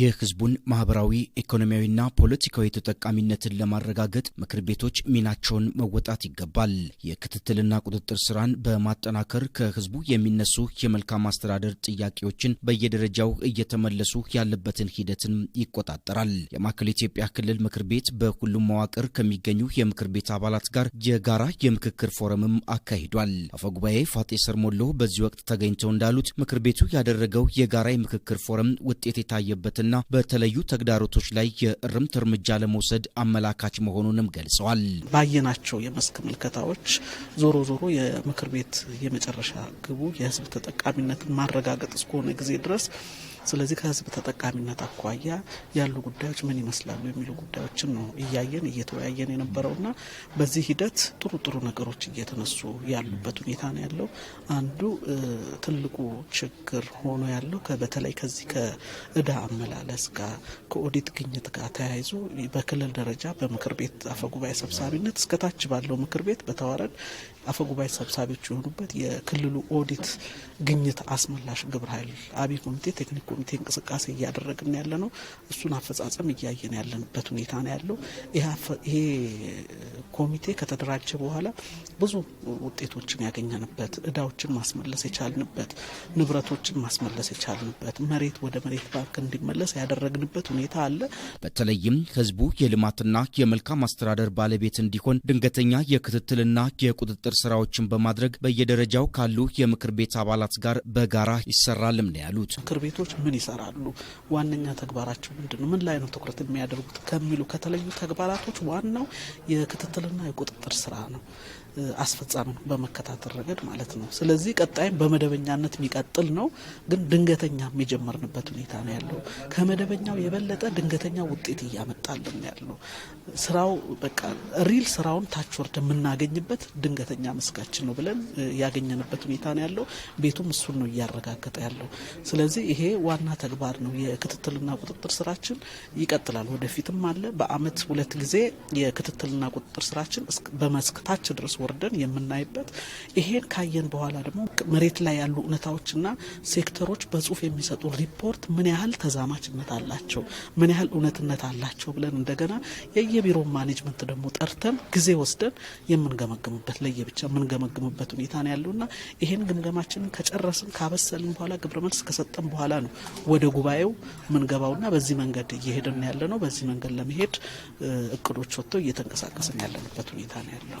የህዝቡን ማህበራዊ ኢኮኖሚያዊና ፖለቲካዊ ተጠቃሚነትን ለማረጋገጥ ምክር ቤቶች ሚናቸውን መወጣት ይገባል። የክትትልና ቁጥጥር ስራን በማጠናከር ከህዝቡ የሚነሱ የመልካም አስተዳደር ጥያቄዎችን በየደረጃው እየተመለሱ ያለበትን ሂደትን ይቆጣጠራል። የማዕከል ኢትዮጵያ ክልል ምክር ቤት በሁሉም መዋቅር ከሚገኙ የምክር ቤት አባላት ጋር የጋራ የምክክር ፎረምም አካሂዷል። አፈጉባኤ ፋጤ ሰርሞሎ በዚህ ወቅት ተገኝተው እንዳሉት ምክር ቤቱ ያደረገው የጋራ የምክክር ፎረም ውጤት የታየበትን በመስራትና በተለዩ ተግዳሮቶች ላይ የእርምት እርምጃ ለመውሰድ አመላካች መሆኑንም ገልጸዋል። ባየናቸው የመስክ ምልከታዎች ዞሮ ዞሮ የምክር ቤት የመጨረሻ ግቡ የህዝብ ተጠቃሚነትን ማረጋገጥ እስከሆነ ጊዜ ድረስ ስለዚህ ከህዝብ ተጠቃሚነት አኳያ ያሉ ጉዳዮች ምን ይመስላሉ የሚሉ ጉዳዮችን ነው እያየን እየተወያየን የነበረው ና በዚህ ሂደት ጥሩ ጥሩ ነገሮች እየተነሱ ያሉበት ሁኔታ ነው ያለው። አንዱ ትልቁ ችግር ሆኖ ያለው በተለይ ከዚህ ከእዳ አመላለስ ጋር ከኦዲት ግኝት ጋር ተያይዞ በክልል ደረጃ በምክር ቤት አፈጉባኤ ሰብሳቢነት እስከታች ባለው ምክር ቤት በተዋረድ አፈጉባኤ ሰብሳቢዎች የሆኑበት የክልሉ ኦዲት ግኝት አስመላሽ ግብረ ኃይል አብይ ኮሚቴ ቴክኒክ ኮሚቴ እንቅስቃሴ እያደረግን ያለ ነው። እሱን አፈጻጸም እያየን ያለንበት ሁኔታ ነው ያለው። ይሄ ኮሚቴ ከተደራጀ በኋላ ብዙ ውጤቶችን ያገኘንበት፣ እዳዎችን ማስመለስ የቻልንበት፣ ንብረቶችን ማስመለስ የቻልንበት፣ መሬት ወደ መሬት ባንክ እንዲመለስ ያደረግንበት ሁኔታ አለ። በተለይም ህዝቡ የልማትና የመልካም አስተዳደር ባለቤት እንዲሆን ድንገተኛ የክትትልና የቁጥጥር ስራዎችን በማድረግ በየደረጃው ካሉ የምክር ቤት አባላት ጋር በጋራ ይሰራልም ነው ያሉት። ምክር ቤቶች ምን ይሰራሉ? ዋነኛ ተግባራቸው ምንድን ነው? ምን ላይ ነው ትኩረት የሚያደርጉት? ከሚሉ ከተለዩ ተግባራቶች ዋናው የክትትልና የቁጥጥር ስራ ነው። አስፈጻሚ በመከታተል ረገድ ማለት ነው። ስለዚህ ቀጣይም በመደበኛነት የሚቀጥል ነው፣ ግን ድንገተኛ የሚጀመርንበት ሁኔታ ነው ያለው። ከመደበኛው የበለጠ ድንገተኛ ውጤት እያመጣልን ያለው ስራው በቃ ሪል ስራውን ታች ወርድ የምናገኝበት ድንገተኛ መስካችን ነው ብለን ያገኘንበት ሁኔታ ነው ያለው። ቤቱም እሱን ነው እያረጋገጠ ያለው። ስለዚህ ይሄ ዋና ተግባር ነው። የክትትልና ቁጥጥር ስራችን ይቀጥላል፣ ወደፊትም አለ። በአመት ሁለት ጊዜ የክትትልና ቁጥጥር ስራችን በመስክ ታች ድረስ ወርደን የምናይበት ይሄን ካየን በኋላ ደግሞ መሬት ላይ ያሉ እውነታዎችና ሴክተሮች በጽሁፍ የሚሰጡ ሪፖርት ምን ያህል ተዛማችነት አላቸው፣ ምን ያህል እውነትነት አላቸው ብለን እንደገና የየቢሮ ማኔጅመንት ደግሞ ጠርተን ጊዜ ወስደን የምንገመግምበት ለየብቻ የምንገመግምበት ሁኔታ ነው ያለውና ይሄን ግምገማችንን ከጨረስን ካበሰልን በኋላ ግብረ መልስ ከሰጠን በኋላ ነው ወደ ጉባኤው ምንገባውና በዚህ መንገድ እየሄድን ያለ ነው። በዚህ መንገድ ለመሄድ እቅዶች ወጥተው እየተንቀሳቀስን ያለንበት ሁኔታ ነው ያለው።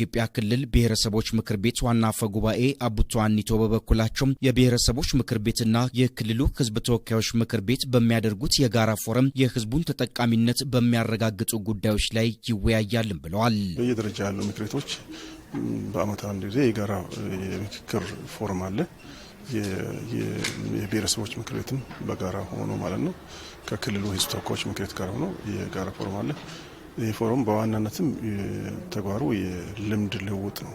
የኢትዮጵያ ክልል ብሔረሰቦች ምክር ቤት ዋና አፈ ጉባኤ አቡቶ አኒቶ በበኩላቸው የብሔረሰቦች ምክር ቤትና የክልሉ ህዝብ ተወካዮች ምክር ቤት በሚያደርጉት የጋራ ፎረም የህዝቡን ተጠቃሚነት በሚያረጋግጡ ጉዳዮች ላይ ይወያያልም ብለዋል። በየደረጃ ያሉ ምክር ቤቶች በአመት አንድ ጊዜ የጋራ የምክክር ፎረም አለ። የብሔረሰቦች ምክር ቤትም በጋራ ሆኖ ማለት ነው ከክልሉ ህዝብ ተወካዮች ምክር ቤት ጋር ሆኖ የጋራ ፎረም አለ። ይህ ፎረም በዋናነትም ተግባሩ የልምድ ልውውጥ ነው።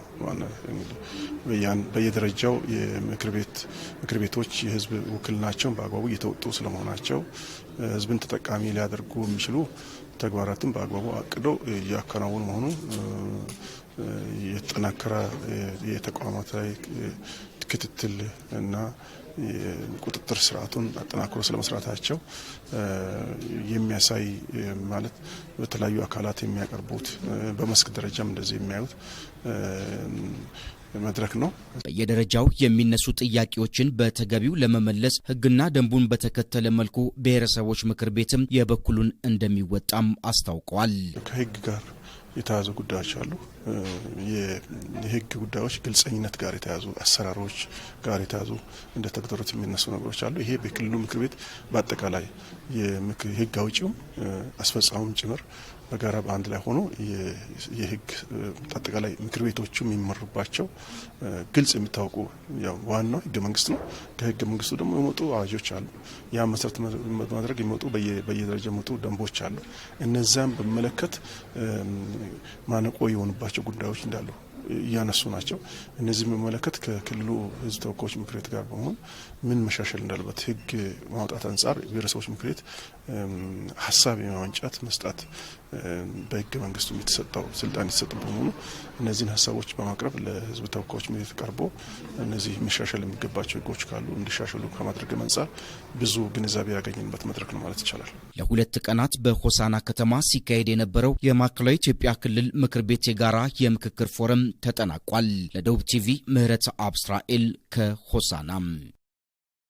በየደረጃው ምክር ቤቶች የህዝብ ውክልናቸውን በአግባቡ እየተወጡ ስለመሆናቸው ህዝብን ተጠቃሚ ሊያደርጉ የሚችሉ ተግባራትን በአግባቡ አቅደው እያከናወኑ መሆኑ የተጠናከረ የተቋማት ላይ ክትትል እና ቁጥጥር ስርዓቱን አጠናክሮ ስለመስራታቸው የሚያሳይ ማለት በተለያዩ አካላት የሚያቀርቡት በመስክ ደረጃም እንደዚህ የሚያዩት መድረክ ነው። በየደረጃው የሚነሱ ጥያቄዎችን በተገቢው ለመመለስ ሕግና ደንቡን በተከተለ መልኩ ብሔረሰቦች ምክር ቤትም የበኩሉን እንደሚወጣም አስታውቀዋል። ከሕግ ጋር የተያዘ ጉዳዮች አሉ። የህግ ጉዳዮች ግልጸኝነት ጋር የተያዙ አሰራሮች ጋር የተያዙ እንደ ተግዳሮት የሚነሱ ነገሮች አሉ። ይሄ በክልሉ ምክር ቤት በአጠቃላይ የህግ አውጪውም አስፈጻሙም ጭምር በጋራ በአንድ ላይ ሆኖ የህግ አጠቃላይ ምክር ቤቶቹ የሚመሩባቸው ግልጽ የሚታወቁ ዋናው ህገ መንግስት ነው። ከህገ መንግስቱ ደግሞ የመጡ አዋጆች አሉ። ያ መሰረት ማድረግ የሚወጡ በየደረጃ የመጡ ደንቦች አሉ። እነዚያም በመለከት ማነቆ የሆኑባቸው የምናነሳቸው ጉዳዮች እንዳሉ እያነሱ ናቸው። እነዚህ መመለከት ከክልሉ ህዝብ ተወካዮች ምክር ቤት ጋር በመሆን ምን መሻሻል እንዳለበት ህግ ማውጣት አንጻር ብሔረሰቦች ምክር ቤት ሀሳብ የማመንጫት መስጣት በህገ መንግስቱ የተሰጠው ስልጣን የተሰጥ በመሆኑ እነዚህን ሀሳቦች በማቅረብ ለህዝብ ተወካዮች ምክር ቤት ቀርቦ እነዚህ መሻሻል የሚገባቸው ህጎች ካሉ እንዲሻሻሉ ከማድረግ አንጻር ብዙ ግንዛቤ ያገኝንበት መድረክ ነው ማለት ይቻላል። ለሁለት ቀናት በሆሳና ከተማ ሲካሄድ የነበረው የማዕከላዊ ኢትዮጵያ ክልል ምክር ቤት የጋራ የምክክር ፎረም ተጠናቋል። ለደቡብ ቲቪ ምህረት አብስራኤል ከሆሳናም